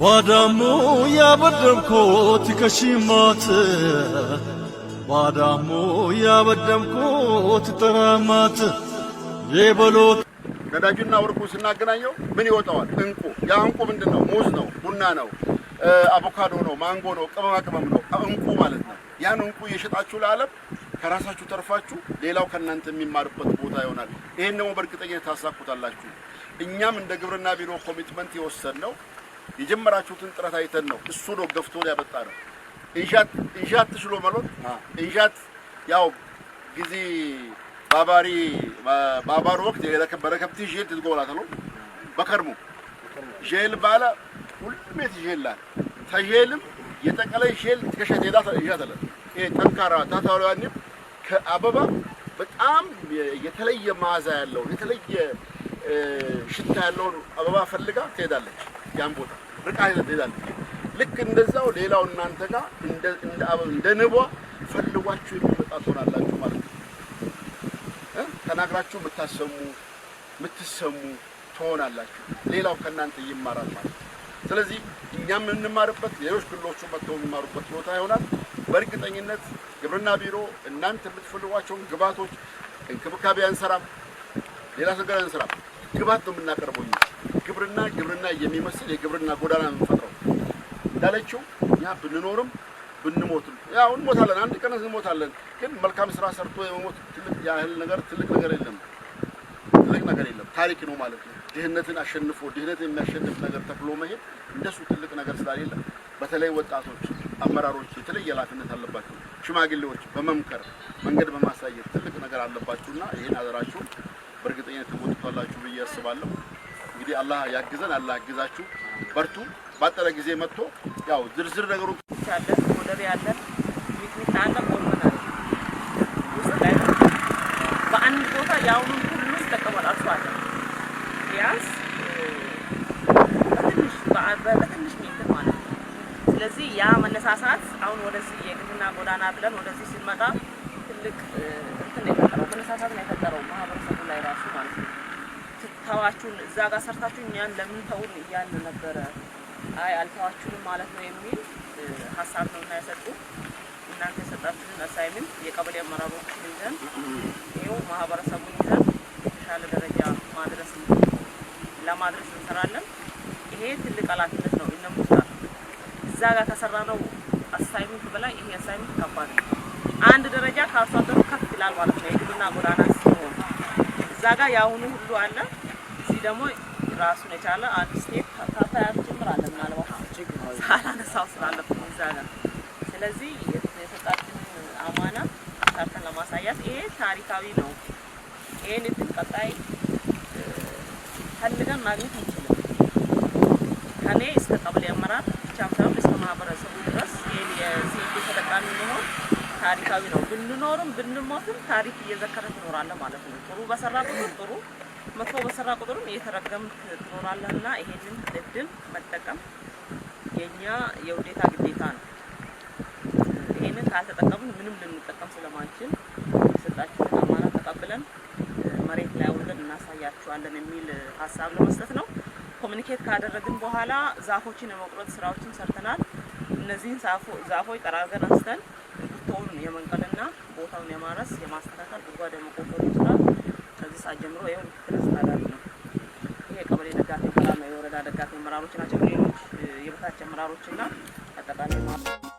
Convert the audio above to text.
ባዳሙ ያበደምኩት ከሽማት ባዳሙ ያበደምኩት ተራማት የበሎት ነዳጁና ወርቁ ስናገናኘው ምን ይወጣዋል? እንቁ። ያ እንቁ ምንድን ነው? ሙዝ ነው፣ ቡና ነው፣ አቮካዶ ነው፣ ማንጎ ነው፣ ቅመማ ቅመም ነው፣ እንቁ ማለት ነው። ያን እንቁ እየሸጣችሁ ለዓለም ከራሳችሁ ተርፋችሁ ሌላው ከእናንተ የሚማርበት ቦታ ይሆናል። ይህን ደግሞ በእርግጠኛ ታሳኩታላችሁ። እኛም እንደ ግብርና ቢሮ ኮሚትመንት የወሰን ነው የጀመራችሁትን ጥረት አይተን ነው። እሱ ነው ገፍቶ ያመጣ ነው። እንሻት እንሻት ትሽሎ ማለት እንሻት ያው ጊዜ ባባሪ ባባሩ ወቅት የረከብቲ ሼል ትጎላተ ነው በከርሙ ሼል ባለ ሁሉም የትሼላል ተሼልም የጠቀላይ ሼል ትከሸት ሄዳ እንሻት ይሄ ጠንካራ ታታሪዋንም ከአበባ በጣም የተለየ መዓዛ ያለውን የተለየ ሽታ ያለውን አበባ ፈልጋ ትሄዳለች ያን ቦታ ርቃ ትሄዳለች። ልክ እንደዛው ሌላው እናንተ ጋር እንደ ንቧ ፈልጓችሁ የሚመጣ ትሆናላችሁ ማለት ነው። ተናግራችሁ የምታሰሙ የምትሰሙ ትሆናላችሁ። ሌላው ከእናንተ ይማራል ማለት ነው። ስለዚህ እኛም የምንማርበት ሌሎች ክልሎቹ መጥተው የሚማሩበት ቦታ ይሆናል። በእርግጠኝነት ግብርና ቢሮ እናንተ የምትፈልጓቸውን ግባቶች እንክብካቤ አንሰራም፣ ሌላ ነገር አንሰራም። ግባት ነው የምናቀርበው ግብርና ግብርና የሚመስል የግብርና ጎዳና ነው የምንፈጥረው። እንዳለችው እኛ ብንኖርም ብንሞትም ያው እንሞታለን፣ አንድ ቀን እንሞታለን። ግን መልካም ስራ ሰርቶ የመሞት ትልቅ ያህል ነገር ትልቅ ነገር የለም፣ ትልቅ ነገር የለም። ታሪክ ነው ማለት ነው። ድህነትን አሸንፎ ድህነትን የሚያሸንፍ ነገር ተክሎ መሄድ እንደሱ ትልቅ ነገር ስለሌለ በተለይ ወጣቶች፣ አመራሮች የተለየ ኃላፊነት አለባቸው። ሽማግሌዎች በመምከር መንገድ በማሳየት ትልቅ ነገር አለባችሁና ይህን አደራችሁን በእርግጠኝነት ትወጡታላችሁ ብዬ አስባለሁ። እንግዲህ አላህ ያግዘን፣ አላህ ያግዛችሁ፣ በርቱ። ባጠረ ጊዜ መጥቶ ያው ዝርዝር ነገሩ ያለን ወደብ አለ፣ ቢያንስ በትንሽ በትንሽ ሜትር ማለት ነው። ስለዚህ ያ መነሳሳት አሁን ወደዚህ የግብርና ጎዳና ብለን ወደዚህ ሲመጣ ትልቅ እንትን ነው የፈጠረው፣ መነሳሳት ነው የፈጠረው ማህበረሰቡ ላይ ራሱ ማለት ነው። ተዋችሁን እዛ ጋር ሰርታችሁ እኛን ለምን ተውን እያለ ነበረ። አይ አልተዋችሁንም ማለት ነው የሚል ሀሳብ ነው እና የሰጡ እናንተ የሰጣችሁን አሳይመንት የቀበሌ አመራሮች ይዘን ይኸው ማህበረሰቡን ይዘን የተሻለ ደረጃ ማድረስ ለማድረስ እንሰራለን። ይሄ ትልቅ ኃላፊነት ነው። እነሙጣር እዛ ጋር ከሰራ ነው አሳይመንት በላይ ይሄ አሳይመንት ከባድ ነው። አንድ ደረጃ ከአርሶ አደሩ ከፍ ይላል ማለት ነው። የግብርና ጎዳና ሲሆን እዛ ጋር የአሁኑ ሁሉ አለ እዚህ ደግሞ ራሱን የቻለ አንድ ስቴፕ ታታ ያስጀምራለን። ምናልባት ሳላነሳው ስላለፍ እዛ ጋር ስለዚህ የተሰጣችን አማና ሰርተን ለማሳያት ይሄ ታሪካዊ ነው። ይሄን እድል ቀጣይ ፈልገን ማግኘት እንችልም። ከኔ እስከ ቀበሌ አመራር ብቻ ሳይሆን እስከ ማህበረሰቡ ድረስ ይሄን የዚህ ተጠቃሚ መሆን ታሪካዊ ነው። ብንኖርም ብንሞትም ታሪክ እየዘከረ ትኖራለ ማለት ነው። ጥሩ በሰራ ቁጥር ጥሩ መቶ በሰራ ቁጥርም እየተረገምክ ትኖራለህ እና ይሄንን እድል መጠቀም የኛ የውዴታ ግዴታ ነው። ይሄንን ካልተጠቀምን ምንም ልንጠቀም ስለማንችል የሰጣችሁን አማራ ተቀብለን መሬት ላይ አውርደን እናሳያችኋለን የሚል ሀሳብ ለመስጠት ነው። ኮሚኒኬት ካደረግን በኋላ ዛፎችን የመቁረጥ ስራዎችን ሰርተናል። እነዚህን ዛፎች ጠራርገን አንስተን እንክርቶውን የመንቀልና ቦታውን የማረስ የማስተካከል ጉድጓድ የመቆፈሩ ይችላል። ከዚህ ሰዓት ጀምሮ ይኸው ተነስታላል ነው። ይሄ የቀበሌ ደጋፊ አመራር ነው። የወረዳ ደጋፊ አመራሮች ናቸው። ሌሎች የበታች አመራሮችና አጠቃላይ